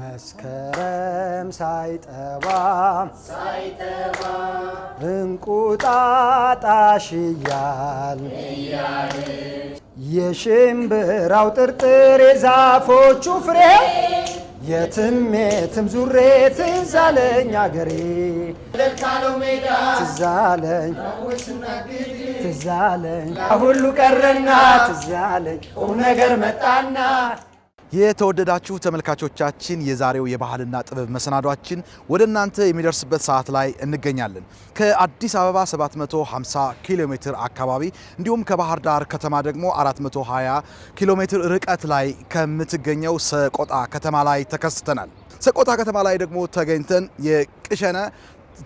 መስከረም ሳይጠባ ሳይጠባ እንቁጣጣሽ እያል የሽምብራው ጥርጥር የዛፎቹ ፍሬ የትም የትም ዙሬ ትዝ አለኝ አገሬ ትዝ አለኝ ትዝ አለኝ ሁሉ ቀረና ትዝ አለኝ ቁም ነገር መጣና የተወደዳችሁ ተመልካቾቻችን የዛሬው የባህልና ጥበብ መሰናዷችን ወደ እናንተ የሚደርስበት ሰዓት ላይ እንገኛለን። ከአዲስ አበባ 750 ኪሎ ሜትር አካባቢ እንዲሁም ከባህር ዳር ከተማ ደግሞ 420 ኪሎ ሜትር ርቀት ላይ ከምትገኘው ሰቆጣ ከተማ ላይ ተከስተናል። ሰቆጣ ከተማ ላይ ደግሞ ተገኝተን የቅሸነ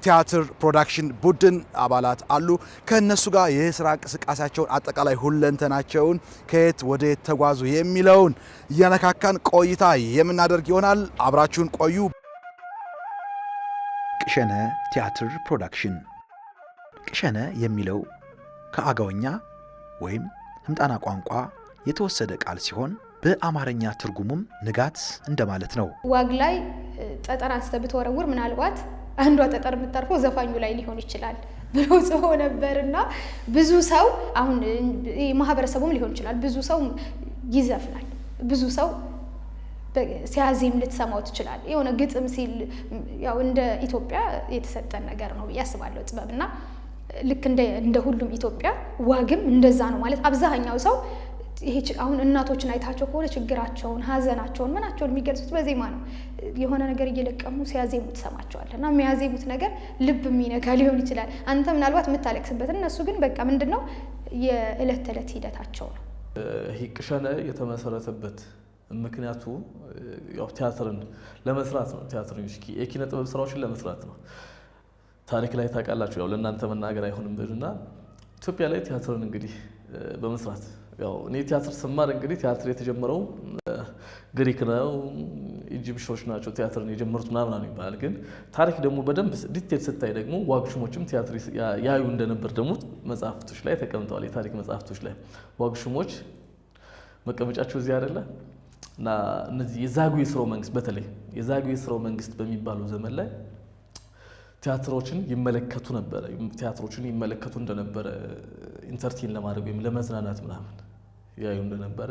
ቲያትር ፕሮዳክሽን ቡድን አባላት አሉ። ከእነሱ ጋር የስራ እንቅስቃሴያቸውን አጠቃላይ ሁለንተናቸውን ከየት ወደ የት ተጓዙ የሚለውን እያነካካን ቆይታ የምናደርግ ይሆናል። አብራችሁን ቆዩ። ቅሸነ ቲያትር ፕሮዳክሽን። ቅሸነ የሚለው ከአገውኛ ወይም ህምጣና ቋንቋ የተወሰደ ቃል ሲሆን በአማርኛ ትርጉሙም ንጋት እንደማለት ነው። ዋግ ላይ ጠጠር አንስተ ብትወረውር ምናልባት አንዷ ጠጠር የምታርፈው ዘፋኙ ላይ ሊሆን ይችላል ብሎ ጽፎ ነበር እና ብዙ ሰው አሁን ማህበረሰቡም ሊሆን ይችላል ብዙ ሰው ይዘፍናል፣ ብዙ ሰው ሲያዜም ልትሰማው ትችላል። የሆነ ግጥም ሲል ያው እንደ ኢትዮጵያ የተሰጠን ነገር ነው ብዬ አስባለሁ ልክ እንደ ሁሉም ኢትዮጵያ ዋግም እንደዛ ነው ማለት አብዛኛው ሰው ይሄ አሁን እናቶችን አይታቸው ከሆነ ችግራቸውን፣ ሀዘናቸውን፣ ምናቸውን የሚገልጹት በዜማ ነው። የሆነ ነገር እየለቀሙ ሲያዜሙ ትሰማቸዋለህ እና የሚያዜሙት ነገር ልብ የሚነካ ሊሆን ይችላል። አንተ ምናልባት የምታለቅስበት፣ እነሱ ግን በቃ ምንድን ነው የእለት ተዕለት ሂደታቸው ነው። ቅሸነ የተመሰረተበት ምክንያቱ ያው ቲያትርን ለመስራት ነው። ቲያትረኞች የኪነ ጥበብ ስራዎችን ለመስራት ነው። ታሪክ ላይ ታውቃላችሁ፣ ያው ለእናንተ መናገር አይሆንም እና ኢትዮጵያ ላይ ቲያትርን እንግዲህ በመስራት ያው እኔ ቲያትር ስማር እንግዲህ ቲያትር የተጀመረው ግሪክ ነው፣ ኢጂፕሽኖች ናቸው ቲያትርን የጀመሩት ምናምን ይባላል። ግን ታሪክ ደግሞ በደንብ ዲቴል ስታይ ደግሞ ዋግሹሞችም ቲያትር ያዩ እንደነበር ደግሞ መጽሐፍቶች ላይ ተቀምጠዋል። የታሪክ መጽሐፍቶች ላይ ዋግሹሞች መቀመጫቸው እዚህ አይደለ እና እነዚህ የዛጉ ስርወ መንግስት በተለይ የዛጉ ስርወ መንግስት በሚባለው ዘመን ላይ ቲያትሮችን ይመለከቱ ነበረ። ቲያትሮችን ይመለከቱ እንደነበረ ኢንተርቴን ለማድረግ ወይም ለመዝናናት ምናምን ያዩ እንደነበረ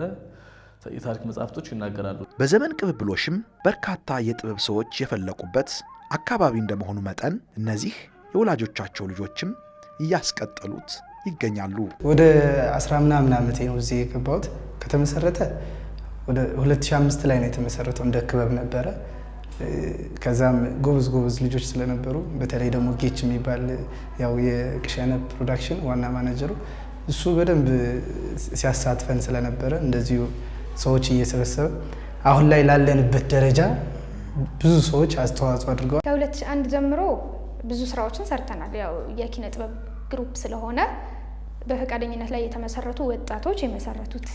የታሪክ መጽሐፍቶች ይናገራሉ። በዘመን ቅብብሎሽም በርካታ የጥበብ ሰዎች የፈለቁበት አካባቢ እንደመሆኑ መጠን እነዚህ የወላጆቻቸው ልጆችም እያስቀጠሉት ይገኛሉ። ወደ አስራ ምናምን ዓመቴ ነው እዚህ የገባሁት። ከተመሰረተ ወደ 2005 ላይ ነው የተመሰረተው። እንደ ክበብ ነበረ። ከዛም ጎበዝ ጎበዝ ልጆች ስለነበሩ በተለይ ደግሞ ጌች የሚባል ያው የቅሸነ ፕሮዳክሽን ዋና ማናጀሩ እሱ በደንብ ሲያሳትፈን ስለነበረ እንደዚሁ ሰዎች እየሰበሰበ አሁን ላይ ላለንበት ደረጃ ብዙ ሰዎች አስተዋጽኦ አድርገዋል። ከሁለት ሺህ አንድ ጀምሮ ብዙ ስራዎችን ሰርተናል። ያው የኪነ ጥበብ ግሩፕ ስለሆነ በፈቃደኝነት ላይ የተመሰረቱ ወጣቶች የመሰረቱት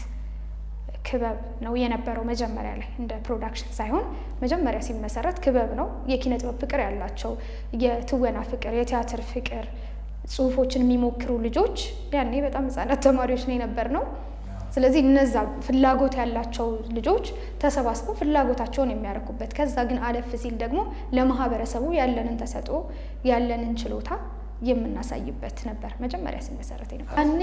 ክበብ ነው የነበረው። መጀመሪያ ላይ እንደ ፕሮዳክሽን ሳይሆን መጀመሪያ ሲመሰረት ክበብ ነው። የኪነ ጥበብ ፍቅር ያላቸው፣ የትወና ፍቅር፣ የቲያትር ፍቅር ጽሁፎችን የሚሞክሩ ልጆች ያኔ በጣም ህጻናት ተማሪዎች ነው የነበር ነው። ስለዚህ እነዛ ፍላጎት ያላቸው ልጆች ተሰባስበው ፍላጎታቸውን የሚያረኩበት ከዛ ግን አለፍ ሲል ደግሞ ለማህበረሰቡ ያለንን ተሰጦ ያለንን ችሎታ የምናሳይበት ነበር። መጀመሪያ ሲመሰረት ነበር። ያኔ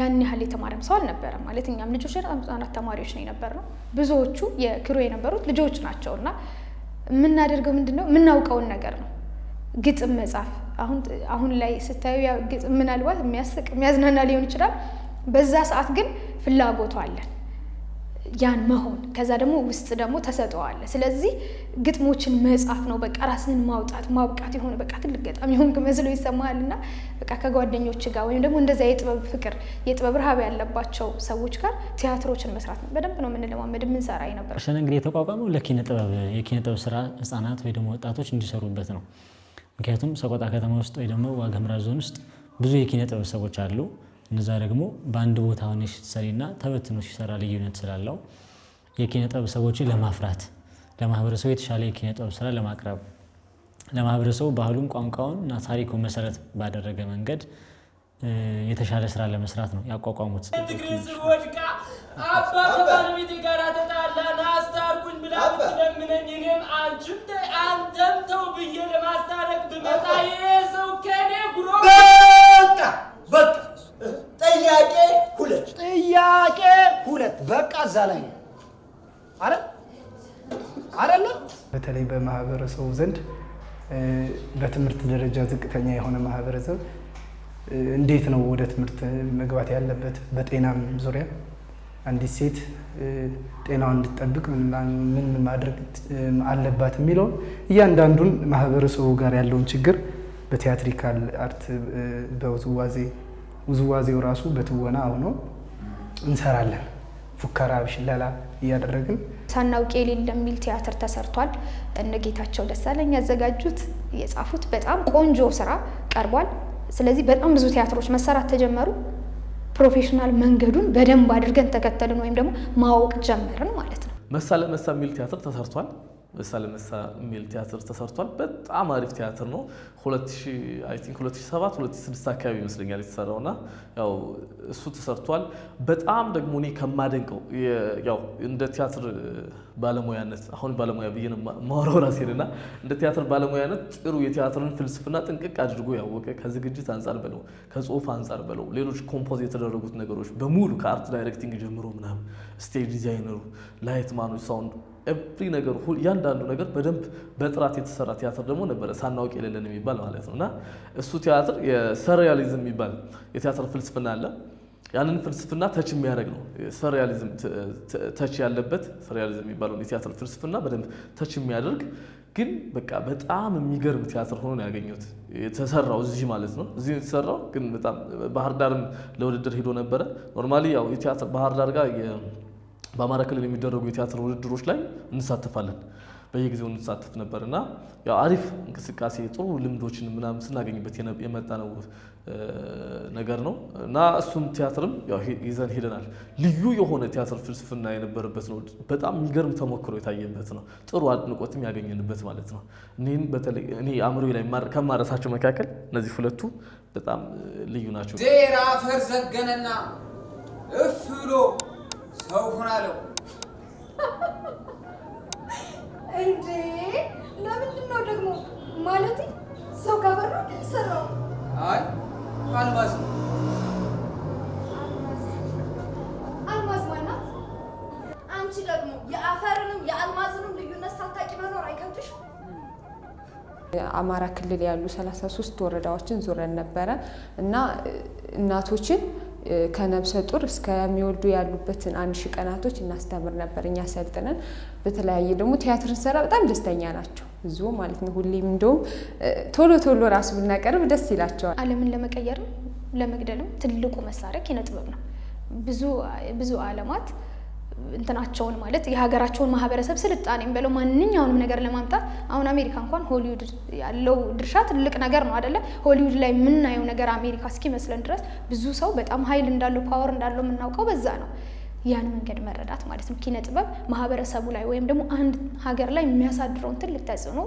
ያን ያህል የተማረም ሰው አልነበረም። ማለት እኛም ልጆች በጣም ህጻናት ተማሪዎች ነው የነበር ነው። ብዙዎቹ የክሩ የነበሩት ልጆች ናቸው እና የምናደርገው ምንድን ነው የምናውቀውን ነገር ነው ግጥም መጻፍ አሁን አሁን ላይ ስታዩ ግጥም ምናልባት የሚያስቅ የሚያዝናና ሊሆን ይችላል። በዛ ሰዓት ግን ፍላጎቱ አለን ያን መሆን ከዛ ደግሞ ውስጥ ደግሞ ተሰጠዋለ። ስለዚህ ግጥሞችን መጻፍ ነው በቃ ራስን ማውጣት ማብቃት የሆነ በቃ ትልቅ ገጣሚ የሆንክ መስሎ ይሰማሃል። እና በቃ ከጓደኞች ጋር ወይም ደግሞ እንደዚያ የጥበብ ፍቅር የጥበብ ረሃብ ያለባቸው ሰዎች ጋር ቲያትሮችን መስራት ነው በደንብ ነው የምንለማመድ የምንሰራ ነበር። እንግዲህ የተቋቋመው ለኪነ ጥበብ የኪነ ጥበብ ስራ ህጻናት ወይ ደግሞ ወጣቶች እንዲሰሩበት ነው። ምክንያቱም ሰቆጣ ከተማ ውስጥ ወይ ደግሞ ዋግ ዞን ውስጥ ብዙ የኪነ ጥበብ ሰዎች አሉ። እነዛ ደግሞ በአንድ ቦታ ሆነሽ ስትሰሪና ተበትኖ ሲሰራ ልዩነት ስላለው የኪነ ጥበብ ሰዎችን ለማፍራት ለማህበረሰቡ የተሻለ የኪነ ጥበብ ስራ ለማቅረብ ለማህበረሰቡ ባህሉን፣ ቋንቋውን እና ታሪኩን መሰረት ባደረገ መንገድ የተሻለ ስራ ለመስራት ነው ያቋቋሙት። አባ ከባለቤቴ ጋር ተጣላን አስታርቁኝ ብላ ብትለምነኝ እኔም አንቺም ጥያቄ ሁለት ጥያቄ ሁለት በቃ እዛ ላይ ነው አረ አረለ በተለይ በማህበረሰቡ ዘንድ በትምህርት ደረጃ ዝቅተኛ የሆነ ማህበረሰብ እንዴት ነው ወደ ትምህርት መግባት ያለበት? በጤናም ዙሪያ አንዲት ሴት ጤናዋን እንድትጠብቅ ምን ማድረግ አለባት የሚለውን እያንዳንዱን ማህበረሰቡ ጋር ያለውን ችግር በቲያትሪካል አርት በውዝዋዜ ውዝዋዜው ራሱ በትወና ሆኖ እንሰራለን። ፉከራ፣ ሽለላ እያደረግን ሳናውቅ የሌለ የሚል ቲያትር ተሰርቷል። እነ ጌታቸው ደሳለኝ ያዘጋጁት የጻፉት በጣም ቆንጆ ስራ ቀርቧል። ስለዚህ በጣም ብዙ ቲያትሮች መሰራት ተጀመሩ። ፕሮፌሽናል መንገዱን በደንብ አድርገን ተከተልን ወይም ደግሞ ማወቅ ጀመርን ማለት ነው። መሳ ለመሳ የሚል ቲያትር ተሰርቷል። ሳልነሳ የሚል ቲያትር ተሰርቷል። በጣም አሪፍ ቲያትር ነው። 2007 2006 አካባቢ ይመስለኛል የተሰራው እና ያው እሱ ተሰርቷል። በጣም ደግሞ እኔ ከማደንቀው ያው እንደ ቲያትር ባለሙያነት አሁን ባለሙያ ብዬ ማውራው ራሴን እና እንደ ቲያትር ባለሙያነት ጥሩ የቲያትርን ፍልስፍና ጥንቅቅ አድርጎ ያወቀ ከዝግጅት አንጻር በለው ከጽሁፍ አንጻር በለው ሌሎች ኮምፖዝ የተደረጉት ነገሮች በሙሉ ከአርት ዳይሬክቲንግ ጀምሮ ምናምን ስቴጅ ዲዛይነሩ፣ ላይትማኖች፣ ሳውንድ ኤቭሪ ነገር እያንዳንዱ ነገር በደንብ በጥራት የተሰራ ቲያትር ደግሞ ነበረ ሳናውቅ የሌለን የሚባል ማለት ነው። እና እሱ ቲያትር የሰሪያሊዝም የሚባል የቲያትር ፍልስፍና አለ። ያንን ፍልስፍና ተች የሚያደርግ ነው። ሰሪያሊዝም ተች ያለበት ሰሪያሊዝም የሚባለውን የቲያትር ፍልስፍና በደንብ ተች የሚያደርግ ግን በቃ በጣም የሚገርም ቲያትር ሆኖ ነው ያገኘሁት። የተሰራው እዚህ ማለት ነው። እዚህ የተሰራው ግን በጣም ባህር ዳርም ለውድድር ሄዶ ነበረ። ኖርማሊ ያው የቲያትር ባህር ዳር ጋር በአማራ ክልል የሚደረጉ የቲያትር ውድድሮች ላይ እንሳተፋለን። በየጊዜው እንሳተፍ ነበር እና አሪፍ እንቅስቃሴ ጥሩ ልምዶችን ምናምን ስናገኝበት የመጣ ነው ነገር ነው እና እሱም ቲያትርም ይዘን ሄደናል። ልዩ የሆነ ቲያትር ፍልስፍና የነበረበት ነው። በጣም የሚገርም ተሞክሮ የታየበት ነው። ጥሩ አድንቆትም ያገኘንበት ማለት ነው። እኔን በተለይ እኔ አእምሮ ላይ ከማረሳቸው መካከል እነዚህ ሁለቱ በጣም ልዩ ናቸው። ዜራ አፈር ዘገነና እፍሎ ሰው ሁን አለው። እንዴ ለምንድን ነው ደግሞ? ማለት ሰው ካፈራ ሰራው። አይ አልማዝ አልማዝ ማናት? አንቺ ደግሞ የአፈርንም የአልማዝንም ልዩነት ሳታቂ መኖር አማራ ክልል ያሉ ሰላሳ ሶስት ወረዳዎችን ዞረን ነበረ እና እናቶችን ከነብሰ ጡር እስከሚወልዱ ያሉበትን አንድ ሺ ቀናቶች እናስተምር ነበር እኛ ሰልጥነን። በተለያየ ደግሞ ቲያትር ንሰራ በጣም ደስተኛ ናቸው ብዙ ማለት ነው። ሁሌም እንደውም ቶሎ ቶሎ ራሱ ብናቀርብ ደስ ይላቸዋል። ዓለምን ለመቀየርም ለመግደልም ትልቁ መሳሪያ ኪነ ጥበብ ነው። ብዙ ብዙ ዓለማት እንትናቸውን ማለት የሀገራቸውን ማህበረሰብ ስልጣኔም ብለው ማንኛውንም ነገር ለማምጣት አሁን አሜሪካ እንኳን ሆሊውድ ያለው ድርሻ ትልቅ ነገር ነው አደለ? ሆሊውድ ላይ የምናየው ነገር አሜሪካ እስኪመስለን ድረስ ብዙ ሰው በጣም ኃይል እንዳለው ፓወር እንዳለው የምናውቀው በዛ ነው። ያን መንገድ መረዳት ማለት ነው። ኪነ ጥበብ ማህበረሰቡ ላይ ወይም ደግሞ አንድ ሀገር ላይ የሚያሳድረውን ትልቅ ተጽዕኖ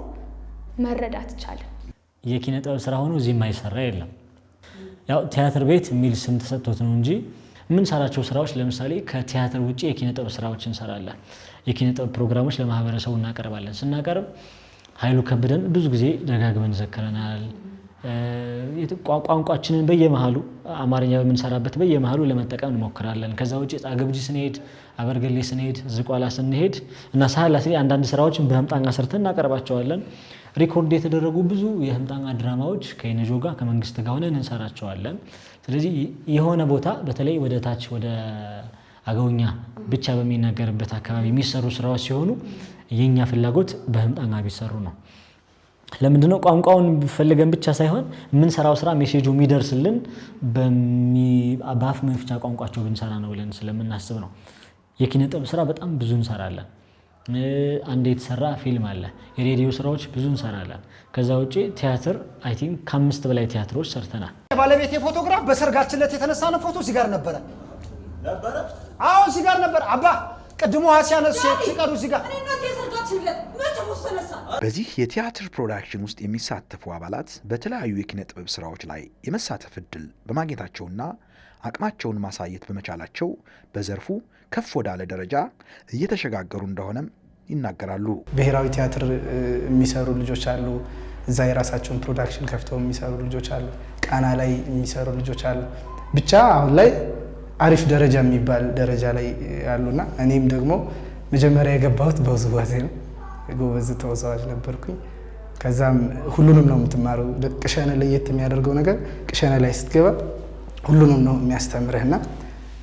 መረዳት ይቻለ። የኪነ ጥበብ ስራ ሆኖ እዚህ የማይሰራ የለም። ያው ቲያትር ቤት የሚል ስም ተሰጥቶት ነው እንጂ የምንሰራቸው ስራዎች ለምሳሌ ከቲያትር ውጭ የኪነ ጥበብ ስራዎች እንሰራለን። የኪነ ጥበብ ፕሮግራሞች ለማህበረሰቡ እናቀርባለን። ስናቀርብ ኃይሉ ከበደን ብዙ ጊዜ ደጋግመን ዘክረናል። ቋንቋችንን በየመሀሉ አማርኛ በምንሰራበት በየመሀሉ ለመጠቀም እንሞክራለን። ከዛ ውጭ ጻግብጂ ስንሄድ፣ አበርገሌ ስንሄድ፣ ዝቋላ ስንሄድ እና ሳህላ ስንሄድ አንዳንድ ስራዎችን በህምጣን ሰርተን እናቀርባቸዋለን። ሪኮርድ የተደረጉ ብዙ የህምጣና ድራማዎች ከኢነጆ ጋር ከመንግስት ጋር ሆነን እንሰራቸዋለን። ስለዚህ የሆነ ቦታ በተለይ ወደ ታች ወደ አገውኛ ብቻ በሚናገርበት አካባቢ የሚሰሩ ስራዎች ሲሆኑ የእኛ ፍላጎት በህምጣና ቢሰሩ ነው። ለምንድን ነው ቋንቋውን ፈልገን ብቻ ሳይሆን የምንሰራው ስራ ሜሴጁ የሚደርስልን በአፍ መፍቻ ቋንቋቸው ብንሰራ ነው ብለን ስለምናስብ ነው። የኪነጥብ ስራ በጣም ብዙ እንሰራለን። አንድ የተሰራ ፊልም አለ። የሬዲዮ ስራዎች ብዙ እንሰራለን። ከዛ ውጭ ቲያትር አይ ቲንክ ከአምስት በላይ ቲያትሮች ሰርተናል። ባለቤት የፎቶግራፍ በሰርጋችን ዕለት የተነሳነው ፎቶ እዚህ ጋር ነበረ። አዎ እዚህ ጋር ነበር። አባ ቅድሞ ሀሲያን ሲቀዱ እዚህ ጋር በዚህ የቲያትር ፕሮዳክሽን ውስጥ የሚሳተፉ አባላት በተለያዩ የኪነ ጥበብ ስራዎች ላይ የመሳተፍ እድል በማግኘታቸውና አቅማቸውን ማሳየት በመቻላቸው በዘርፉ ከፍ ወዳለ ደረጃ እየተሸጋገሩ እንደሆነም ይናገራሉ። ብሔራዊ ቲያትር የሚሰሩ ልጆች አሉ። እዛ የራሳቸውን ፕሮዳክሽን ከፍተው የሚሰሩ ልጆች አሉ። ቃና ላይ የሚሰሩ ልጆች አሉ። ብቻ አሁን ላይ አሪፍ ደረጃ የሚባል ደረጃ ላይ አሉና እኔም ደግሞ መጀመሪያ የገባሁት በውዝዋዜ ነው። ጎበዝ ተወዛዋዥ ነበርኩኝ። ከዛም ሁሉንም ነው የምትማረው። ቅሸነ ለየት የሚያደርገው ነገር ቅሸነ ላይ ስትገባ ሁሉንም ነው የሚያስተምርህና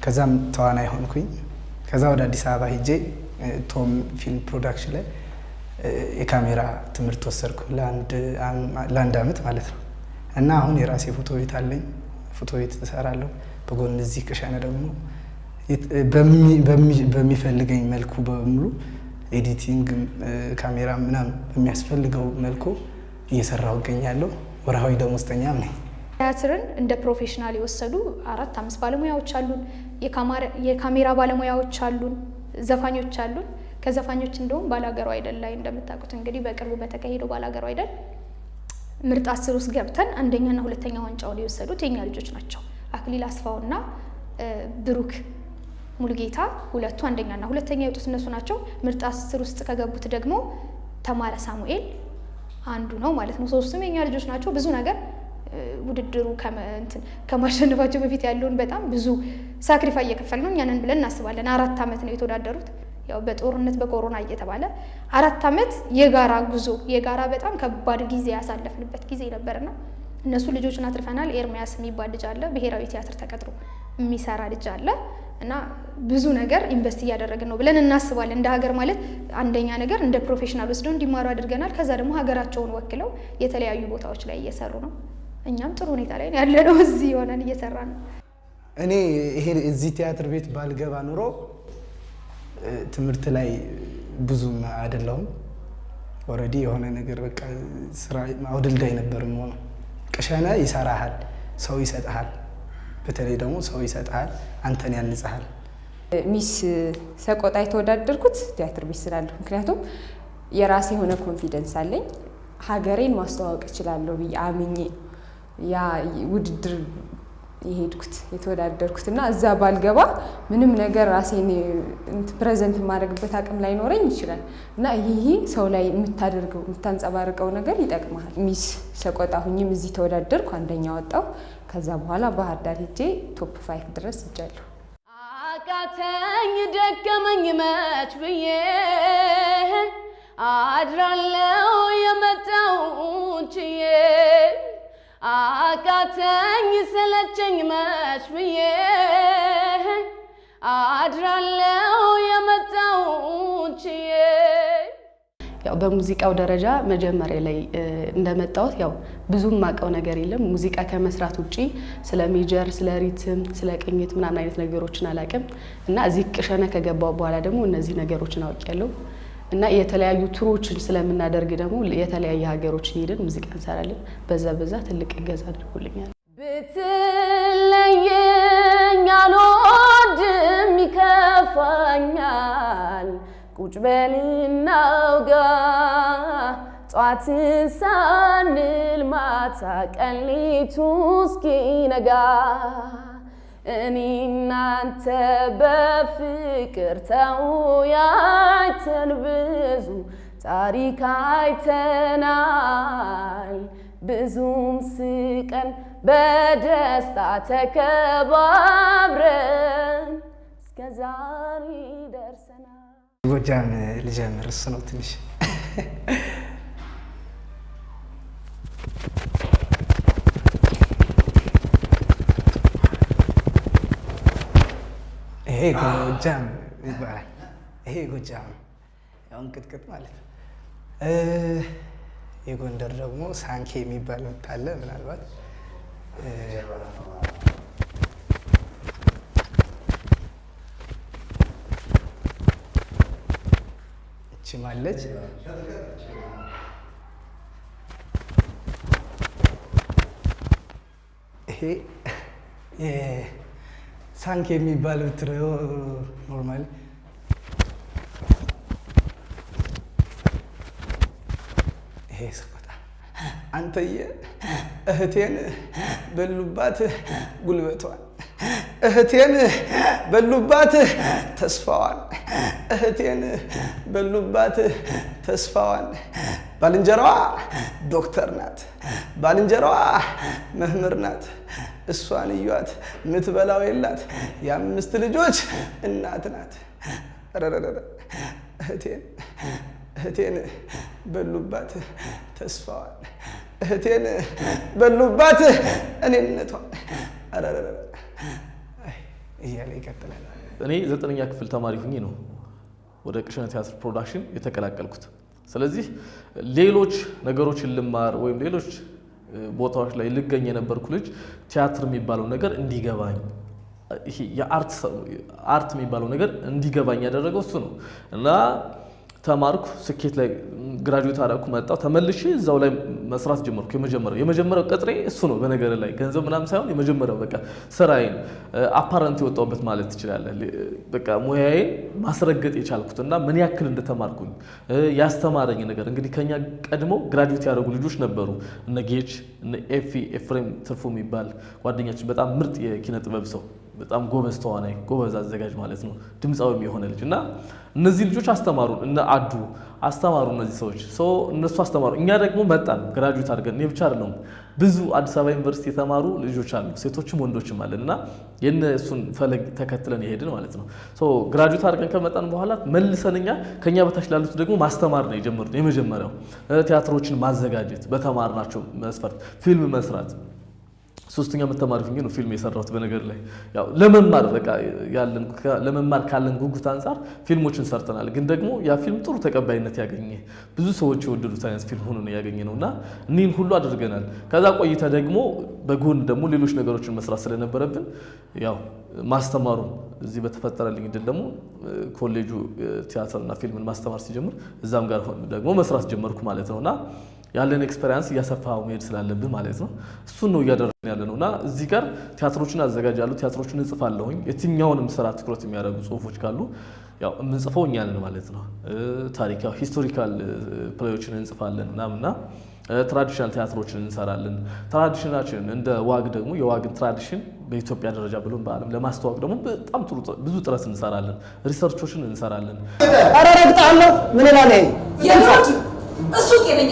ከዛም ተዋናይ ሆንኩኝ። ከዛ ወደ አዲስ አበባ ሄጄ ቶም ፊልም ፕሮዳክሽን ላይ የካሜራ ትምህርት ወሰድኩ ለአንድ አመት ማለት ነው። እና አሁን የራሴ ፎቶ ቤት አለኝ። ፎቶ ቤት እሰራለሁ። በጎን እዚህ ቅሻነ ደግሞ በሚፈልገኝ መልኩ በሙሉ ኤዲቲንግ፣ ካሜራ ምናምን በሚያስፈልገው መልኩ እየሰራው እገኛለሁ። ወርሃዊ ደሞዝተኛም ነኝ። ቲያትርን እንደ ፕሮፌሽናል የወሰዱ አራት አምስት ባለሙያዎች አሉን። የካሜራ ባለሙያዎች አሉን፣ ዘፋኞች አሉን። ከዘፋኞች እንደውም ባላገሩ አይደል ላይ እንደምታውቁት እንግዲህ በቅርቡ በተካሄደው ባላገሩ አይደል ምርጥ አስር ውስጥ ገብተን አንደኛና ሁለተኛ ዋንጫውን የወሰዱት የኛ ልጆች ናቸው። አክሊል አስፋውና ብሩክ ሙልጌታ ሁለቱ አንደኛና ሁለተኛ የወጡት እነሱ ናቸው። ምርጥ አስር ውስጥ ከገቡት ደግሞ ተማረ ሳሙኤል አንዱ ነው ማለት ነው። ሶስቱም የኛ ልጆች ናቸው። ብዙ ነገር ውድድሩ ከማሸነፋቸው በፊት ያለውን በጣም ብዙ ሳክሪፋይ እየከፈል ነው እኛንን ብለን እናስባለን። አራት ዓመት ነው የተወዳደሩት። ያው በጦርነት በኮሮና እየተባለ አራት ዓመት የጋራ ጉዞ የጋራ በጣም ከባድ ጊዜ ያሳለፍንበት ጊዜ ነበርና እነሱ ልጆችን አትርፈናል። ኤርሚያስ የሚባል ልጅ አለ፣ ብሔራዊ ቲያትር ተቀጥሮ የሚሰራ ልጅ አለ እና ብዙ ነገር ኢንቨስት እያደረግን ነው ብለን እናስባለን። እንደ ሀገር ማለት አንደኛ ነገር እንደ ፕሮፌሽናል ወስደው እንዲማሩ አድርገናል። ከዛ ደግሞ ሀገራቸውን ወክለው የተለያዩ ቦታዎች ላይ እየሰሩ ነው። እኛም ጥሩ ሁኔታ ላይ ያለ ነው። እዚህ የሆነን እየሰራ ነው። እኔ ይሄ እዚህ ቲያትር ቤት ባልገባ ኑሮ ትምህርት ላይ ብዙም አይደለሁም። ኦልሬዲ የሆነ ነገር በቃ ስራ አውድልዳይ ነበር የምሆነው። ቅሸነ ይሰራሃል፣ ሰው ይሰጥሃል። በተለይ ደግሞ ሰው ይሰጥሃል፣ አንተን ያንጽሃል። ሚስ ሰቆጣ የተወዳደርኩት ቲያትር ቤት ስላለሁ፣ ምክንያቱም የራሴ የሆነ ኮንፊደንስ አለኝ። ሀገሬን ማስተዋወቅ እችላለሁ ብዬ አምኜ ያ ውድድር የሄድኩት የተወዳደርኩት እና እዛ ባልገባ ምንም ነገር ራሴን ፕሬዘንት የማደርግበት አቅም ላይኖረኝ ይችላል እና ይህ ሰው ላይ የምታደርገው የምታንጸባርቀው ነገር ይጠቅመሃል። ሚስ ሰቆጣ ሁኝም እዚህ ተወዳደርኩ፣ አንደኛ ወጣው። ከዛ በኋላ ባህር ዳር ሄጄ ቶፕ ፋይፍ ድረስ እጃለሁ። አቃተኝ ደከመኝ መች ብዬ አድራለው የመጣው ችዬ አቃተኝ ሰለቸኝ መች ብዬ አድራለው የመጣው ችዬ ያው በሙዚቃው ደረጃ መጀመሪያ ላይ እንደመጣሁት ያው ብዙም ማቀው ነገር የለም። ሙዚቃ ከመስራት ውጪ ስለ ሜጀር፣ ስለ ሪትም፣ ስለ ቅኝት ምናምን አይነት ነገሮችን አላቅም እና እዚህ ቅሸነ ከገባው በኋላ ደግሞ እነዚህ ነገሮችን አውቄያለሁ። እና የተለያዩ ቱሮችን ስለምናደርግ ደግሞ የተለያየ ሀገሮች ሄደን ሙዚቃ እንሰራለን። በዛ በዛ ትልቅ እገዛ አድርጎልኛል። ብትለየኝ አልወድም፣ ይከፋኛል። ቁጭ በል እናውጋ ጧት ሳንል ማታ ቀሊቱ እስኪነጋ እኔናንተ በፍቅር ተወያይተን ብዙ ታሪክ አይተናል። ብዙም ስቀን በደስታ ተከባብረን እስከ ዛሬ ደርሰናል። ጎጃም ልጀምር እሱ ነው ትንሽ ይሄ ጎጃም ይባላል። ይሄ ጎጃም ያው ቅጥቅጥ ማለት ነው። የጎንደር ደግሞ ሳንኬ የሚባል ምታለ ምናልባት ችማለች ይሄ ሳንክ የሚባል ብትረ ኖርማሊ ይሄ ሰቆጣ አንተየ እህቴን በሉባት ጉልበቷል እህቴን በሉባት ተስፋዋን እህቴን በሉባት ተስፋዋን ባልንጀራዋ ዶክተር ናት። ባልንጀራዋ መምህር ናት። እሷን እዩዋት፣ ምትበላው የላት የአምስት ልጆች እናት ናት። እህቴን እህቴን በሉባት ተስፋዋል እህቴን በሉባት እኔነቷል እያለ ይቀጥላል። እኔ ዘጠነኛ ክፍል ተማሪ ሁኜ ነው ወደ ቅሸነ ቲያትር ፕሮዳክሽን የተቀላቀልኩት። ስለዚህ ሌሎች ነገሮችን ልማር ወይም ሌሎች ቦታዎች ላይ ልገኝ የነበርኩ ልጅ ቲያትር የሚባለው ነገር እንዲገባኝ ይሄ የአርት የሚባለው ነገር እንዲገባኝ ያደረገው እሱ ነው እና ተማርኩ፣ ስኬት ላይ ግራጁዌት አደረኩ፣ መጣሁ፣ ተመልሼ እዛው ላይ መስራት ጀመርኩ። የመጀመሪያው የመጀመሪያው ቅጥሬ እሱ ነው። በነገር ላይ ገንዘብ ምናምን ሳይሆን የመጀመሪያው በቃ ስራዬን አፓረንት የወጣሁበት ማለት ትችላለህ። በቃ ሙያዬን ማስረገጥ የቻልኩት እና ምን ያክል እንደተማርኩኝ ያስተማረኝ ነገር እንግዲህ ከኛ ቀድሞ ግራጁዌት ያደረጉ ልጆች ነበሩ። እነ ጌች፣ እነ ኤፊ ኤፍሬም ትርፉ የሚባል ጓደኛችን በጣም ምርጥ የኪነ ጥበብ ሰው በጣም ጎበዝ ተዋናይ፣ ጎበዝ አዘጋጅ ማለት ነው። ድምፃዊም የሆነ ልጅ እና እነዚህ ልጆች አስተማሩን፣ እነ አዱ አስተማሩ። እነዚህ ሰዎች ሰው እነሱ አስተማሩ፣ እኛ ደግሞ መጣን ግራጁዌት አድርገን። እኔ ብቻ አይደለሁም ብዙ አዲስ አበባ ዩኒቨርሲቲ የተማሩ ልጆች አሉ፣ ሴቶችም ወንዶችም አለን እና የእነሱን ፈለግ ተከትለን የሄድን ማለት ነው። ግራጁዌት አድርገን ከመጣን በኋላ መልሰን እኛ ከእኛ በታች ላሉት ደግሞ ማስተማር ነው የጀመሩት። የመጀመሪያው ቲያትሮችን ማዘጋጀት በተማርናቸው መስፈርት ፊልም መስራት ሶስተኛ ዓመት ተማሪ ሆኜ ነው ፊልም የሰራሁት። በነገር ላይ ያው ለመማር በቃ ያለን ለመማር ካለን ጉጉት አንጻር ፊልሞችን ሰርተናል። ግን ደግሞ ያ ፊልም ጥሩ ተቀባይነት ያገኘ ብዙ ሰዎች የወደዱት አይነት ፊልም ሆኖ ነው ያገኘ ነው እና እኒህን ሁሉ አድርገናል። ከዛ ቆይታ ደግሞ በጎን ደግሞ ሌሎች ነገሮችን መስራት ስለነበረብን ያው ማስተማሩም እዚህ በተፈጠረልኝ እድል ደግሞ ኮሌጁ ቲያትርና ፊልምን ማስተማር ሲጀምር እዛም ጋር ደግሞ መስራት ጀመርኩ ማለት ነውና ያለን ኤክስፐሪንስ እያሰፋ መሄድ ስላለብህ ማለት ነው። እሱን ነው እያደረግን ያለ ነው እና እዚህ ጋር ቲያትሮችን አዘጋጃለሁ፣ ቲያትሮችን እጽፋለሁኝ። የትኛውንም ስራ ትኩረት የሚያደርጉ ጽሁፎች ካሉ ያው የምንጽፈው እኛንን ማለት ነው። ታሪክ ሂስቶሪካል ፕሌዎችን እንጽፋለን ምናምና ትራዲሽናል ቲያትሮችን እንሰራለን። ትራዲሽናችን እንደ ዋግ ደግሞ የዋግን ትራዲሽን በኢትዮጵያ ደረጃ ብሎም በዓለም ለማስተዋወቅ ደግሞ በጣም ብዙ ጥረት እንሰራለን። ሪሰርቾችን እንሰራለን። ረግጣለሁ ምን እላለሁ እሱ ጤነኛ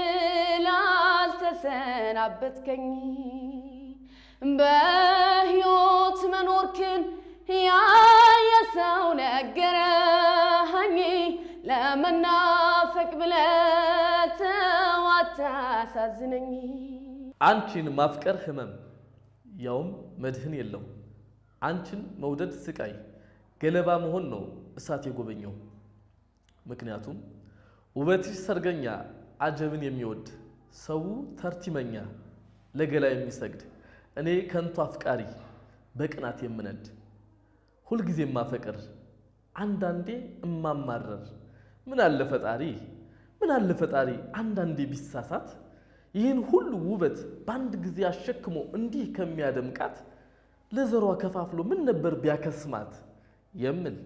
ሰናበትከኝ በሕይወት መኖርክን ያየ ሰው ነገረኝ። ለመናፈቅ ብለህ ተው አታሳዝነኝ። አንቺን ማፍቀር ህመም ያውም መድህን የለው። አንቺን መውደድ ስቃይ ገለባ መሆን ነው እሳት የጎበኘው። ምክንያቱም ውበትሽ ሰርገኛ አጀብን የሚወድ ሰው ተርቲመኛ ለገላ የሚሰግድ እኔ ከንቱ አፍቃሪ በቅናት የምነድ ሁልጊዜ የማፈቅር አንዳንዴ እማማረር ምን አለ ፈጣሪ ምን አለ ፈጣሪ አንዳንዴ ቢሳሳት ይህን ሁሉ ውበት በአንድ ጊዜ አሸክሞ እንዲህ ከሚያደምቃት ለዘሯ ከፋፍሎ ምን ነበር ቢያከስማት የምል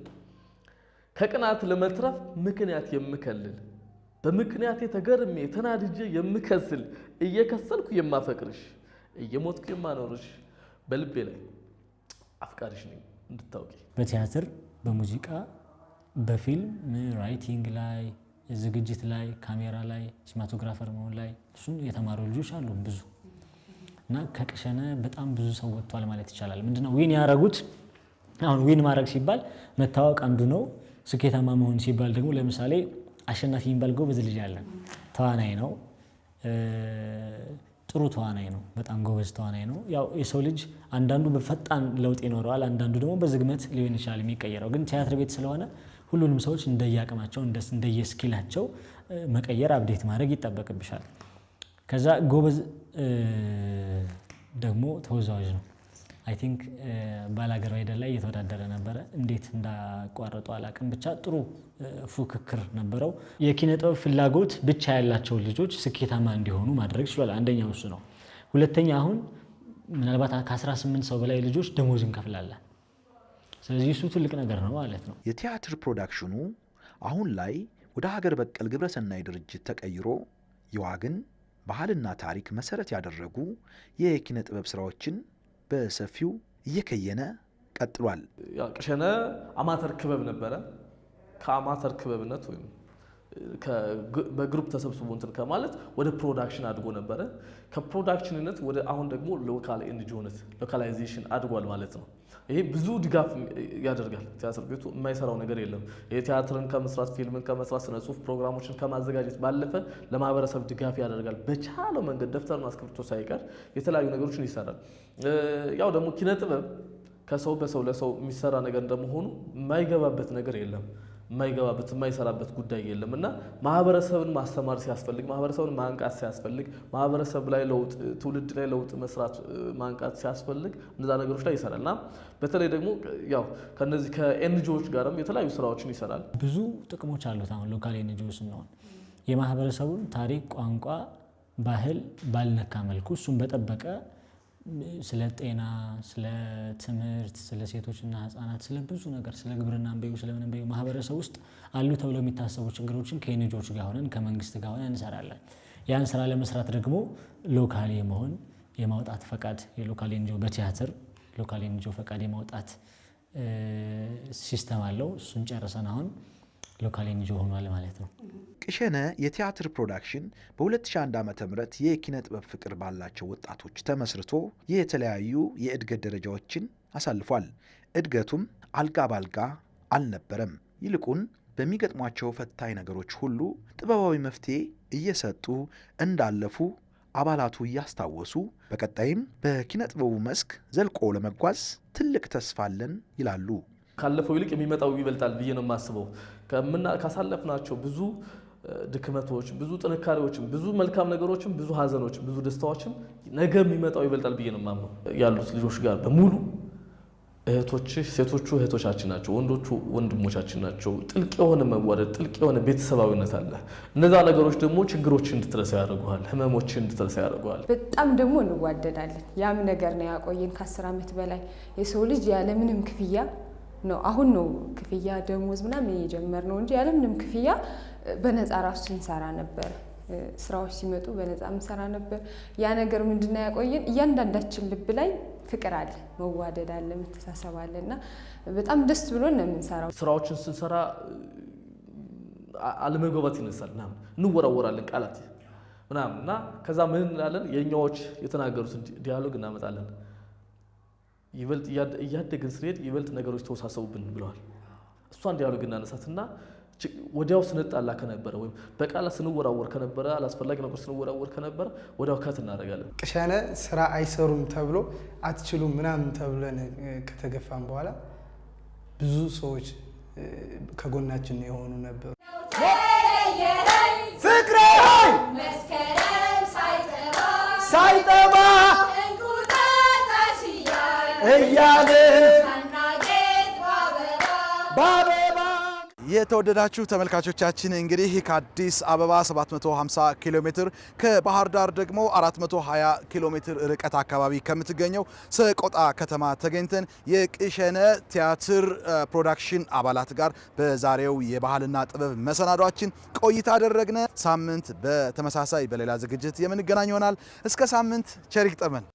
ከቅናት ለመትረፍ ምክንያት የምከልል በምክንያት የተገርሜ ተናድጄ የምከስል እየከሰልኩ የማፈቅርሽ እየሞትኩ የማኖርሽ በልቤ ላይ አፍቃሪሽ ነኝ እንድታውቂ። በቲያትር በሙዚቃ በፊልም ራይቲንግ ላይ ዝግጅት ላይ ካሜራ ላይ ሲማቶግራፈር መሆን ላይ እሱም የተማሩ ልጆች አሉ ብዙ እና ከቅሸነ በጣም ብዙ ሰው ወጥቷል ማለት ይቻላል። ምንድነው ዊን ያደረጉት? አሁን ዊን ማድረግ ሲባል መታወቅ አንዱ ነው። ስኬታማ መሆን ሲባል ደግሞ ለምሳሌ አሸናፊ የሚባል ጎበዝ ልጅ አለ። ተዋናይ ነው። ጥሩ ተዋናይ ነው። በጣም ጎበዝ ተዋናይ ነው። ያው የሰው ልጅ አንዳንዱ በፈጣን ለውጥ ይኖረዋል፣ አንዳንዱ ደግሞ በዝግመት ሊሆን ይችላል የሚቀየረው። ግን ቲያትር ቤት ስለሆነ ሁሉንም ሰዎች እንደየአቅማቸው እንደየስኪላቸው መቀየር፣ አብዴት ማድረግ ይጠበቅብሻል። ከዛ ጎበዝ ደግሞ ተወዛዋዥ ነው። አይ ቲንክ ባላገር አይደል ላይ እየተወዳደረ ነበረ። እንዴት እንዳቋረጡ አላቅም። ብቻ ጥሩ ፉክክር ነበረው። የኪነ ጥበብ ፍላጎት ብቻ ያላቸውን ልጆች ስኬታማ እንዲሆኑ ማድረግ ችሏል። አንደኛው እሱ ነው። ሁለተኛ አሁን ምናልባት ከ18 ሰው በላይ ልጆች ደሞዝ እንከፍላለን። ስለዚህ እሱ ትልቅ ነገር ነው ማለት ነው። የቲያትር ፕሮዳክሽኑ አሁን ላይ ወደ ሀገር በቀል ግብረሰናይ ድርጅት ተቀይሮ የዋግን ባህልና ታሪክ መሰረት ያደረጉ የኪነ ጥበብ ስራዎችን በሰፊው እየከየነ ቀጥሏል። ቅሸነ አማተር ክበብ ነበረ። ከአማተር ክበብነት ወይም በግሩፕ ተሰብስቦ እንትን ከማለት ወደ ፕሮዳክሽን አድጎ ነበረ። ከፕሮዳክሽንነት ወደ አሁን ደግሞ ሎካል ኤንጂኦነት ሎካላይዜሽን አድጓል ማለት ነው። ይሄ ብዙ ድጋፍ ያደርጋል። ቲያትር ቤቱ የማይሰራው ነገር የለም። ይሄ ቲያትርን ከመስራት ፊልምን ከመስራት ስነ ጽሁፍ ፕሮግራሞችን ከማዘጋጀት ባለፈ ለማህበረሰብ ድጋፍ ያደርጋል። በቻለው መንገድ ደብተርና እስክሪብቶ ሳይቀር የተለያዩ ነገሮችን ይሰራል። ያው ደግሞ ኪነ ጥበብ ከሰው በሰው ለሰው የሚሰራ ነገር እንደመሆኑ የማይገባበት ነገር የለም። የማይገባበት የማይሰራበት ጉዳይ የለም እና ማህበረሰብን ማስተማር ሲያስፈልግ፣ ማህበረሰብን ማንቃት ሲያስፈልግ፣ ማህበረሰብ ላይ ለውጥ ትውልድ ላይ ለውጥ መስራት ማንቃት ሲያስፈልግ እነዛ ነገሮች ላይ ይሰራል እና በተለይ ደግሞ ያው ከነዚህ ከኤንጂዎች ጋርም የተለያዩ ስራዎችን ይሰራል። ብዙ ጥቅሞች አሉት። አሁን ሎካል ኤንጂዎ ስንሆን የማህበረሰቡን ታሪክ፣ ቋንቋ፣ ባህል ባልነካ መልኩ እሱን በጠበቀ ስለ ጤና፣ ስለ ትምህርት፣ ስለ ሴቶችና ህጻናት፣ ስለ ብዙ ነገር ስለ ግብርና ንበዩ ስለምን በዩ ማህበረሰብ ውስጥ አሉ ተብለው የሚታሰቡ ችግሮችን ከኤንጂኦዎች ጋር ሆነን ከመንግስት ጋር ሆነን እንሰራለን። ያን ስራ ለመስራት ደግሞ ሎካል የመሆን የማውጣት ፈቃድ የሎካል ኤንጂኦ በቲያትር ሎካል ኤንጂኦ ፈቃድ የማውጣት ሲስተም አለው። እሱን ጨርሰን አሁን ሎካል ኤንጂ ሆኗል ማለት ነው። ቅሸነ የቲያትር ፕሮዳክሽን በ2001 ዓ ም የኪነ ጥበብ ፍቅር ባላቸው ወጣቶች ተመስርቶ የተለያዩ የእድገት ደረጃዎችን አሳልፏል። እድገቱም አልጋ ባልጋ አልነበረም። ይልቁን በሚገጥሟቸው ፈታኝ ነገሮች ሁሉ ጥበባዊ መፍትሄ እየሰጡ እንዳለፉ አባላቱ እያስታወሱ በቀጣይም በኪነ ጥበቡ መስክ ዘልቆ ለመጓዝ ትልቅ ተስፋ አለን ይላሉ። ካለፈው ይልቅ የሚመጣው ይበልጣል ብዬ ነው የማስበው። ካሳለፍናቸው ብዙ ድክመቶች፣ ብዙ ጥንካሬዎችም፣ ብዙ መልካም ነገሮችም፣ ብዙ ሀዘኖችም፣ ብዙ ደስታዎችም ነገ የሚመጣው ይበልጣል ብዬ ነው የማምነው። ያሉት ልጆች ጋር በሙሉ እህቶች ሴቶቹ እህቶቻችን ናቸው፣ ወንዶቹ ወንድሞቻችን ናቸው። ጥልቅ የሆነ መዋደድ፣ ጥልቅ የሆነ ቤተሰባዊነት አለ። እነዛ ነገሮች ደግሞ ችግሮችን እንድትረሳ ያደርገዋል፣ ህመሞች እንድትረሳ ያደርገዋል። በጣም ደግሞ እንዋደዳለን። ያም ነገር ነው ያቆየን ከአስር ዓመት በላይ የሰው ልጅ ያለምንም ክፍያ ነው አሁን ነው ክፍያ ደሞዝ ምናምን ነው እንጂ ያለምንም ክፍያ በነፃ ራሱ እንሰራ ነበር። ስራዎች ሲመጡ በነፃ ምሰራ ነበር። ያ ነገር ምንድነው ያቆየን? እያንዳንዳችን ልብ ላይ ፍቅር አለ፣ መዋደድ አለ፣ መተሳሰብ አለ እና በጣም ደስ ብሎን ነው የምንሰራው። ስራዎችን ስንሰራ አለመግባባት ይነሳል ምናምን እንወራወራለን ቃላት ምናምን እና ከዛ ምን እንላለን የእኛዎች የተናገሩት ዲያሎግ እናመጣለን ይበልጥ እያደግን ስንሄድ ይበልጥ ነገሮች ተወሳሰቡብን ብለዋል። እሷ እንዲያሉ ግን እናነሳትና ወዲያው ስንጣላ ከነበረ ወይም በቃላት ስንወራወር ከነበረ አላስፈላጊ ነገር ስንወራወር ከነበረ ወዲያው ከት እናደርጋለን። ቅሸነ ስራ አይሰሩም ተብሎ አትችሉም ምናምን ተብለን ከተገፋም በኋላ ብዙ ሰዎች ከጎናችን የሆኑ ነበሩ። ፍቅሬ ሆይ መስከረም ሳይጠባ ሳይጠባ እያልን በአበባ የተወደዳችሁ ተመልካቾቻችን እንግዲህ ከአዲስ አበባ 750 ኪሎ ሜትር ከባህር ዳር ደግሞ 420 ኪሎ ሜትር ርቀት አካባቢ ከምትገኘው ሰቆጣ ከተማ ተገኝተን የቅሸነ ቲያትር ፕሮዳክሽን አባላት ጋር በዛሬው የባህልና ጥበብ መሰናዷችን ቆይታ አደረግነ። ሳምንት በተመሳሳይ በሌላ ዝግጅት የምንገናኝ ይሆናል። እስከ ሳምንት ቸር ይግጠመን።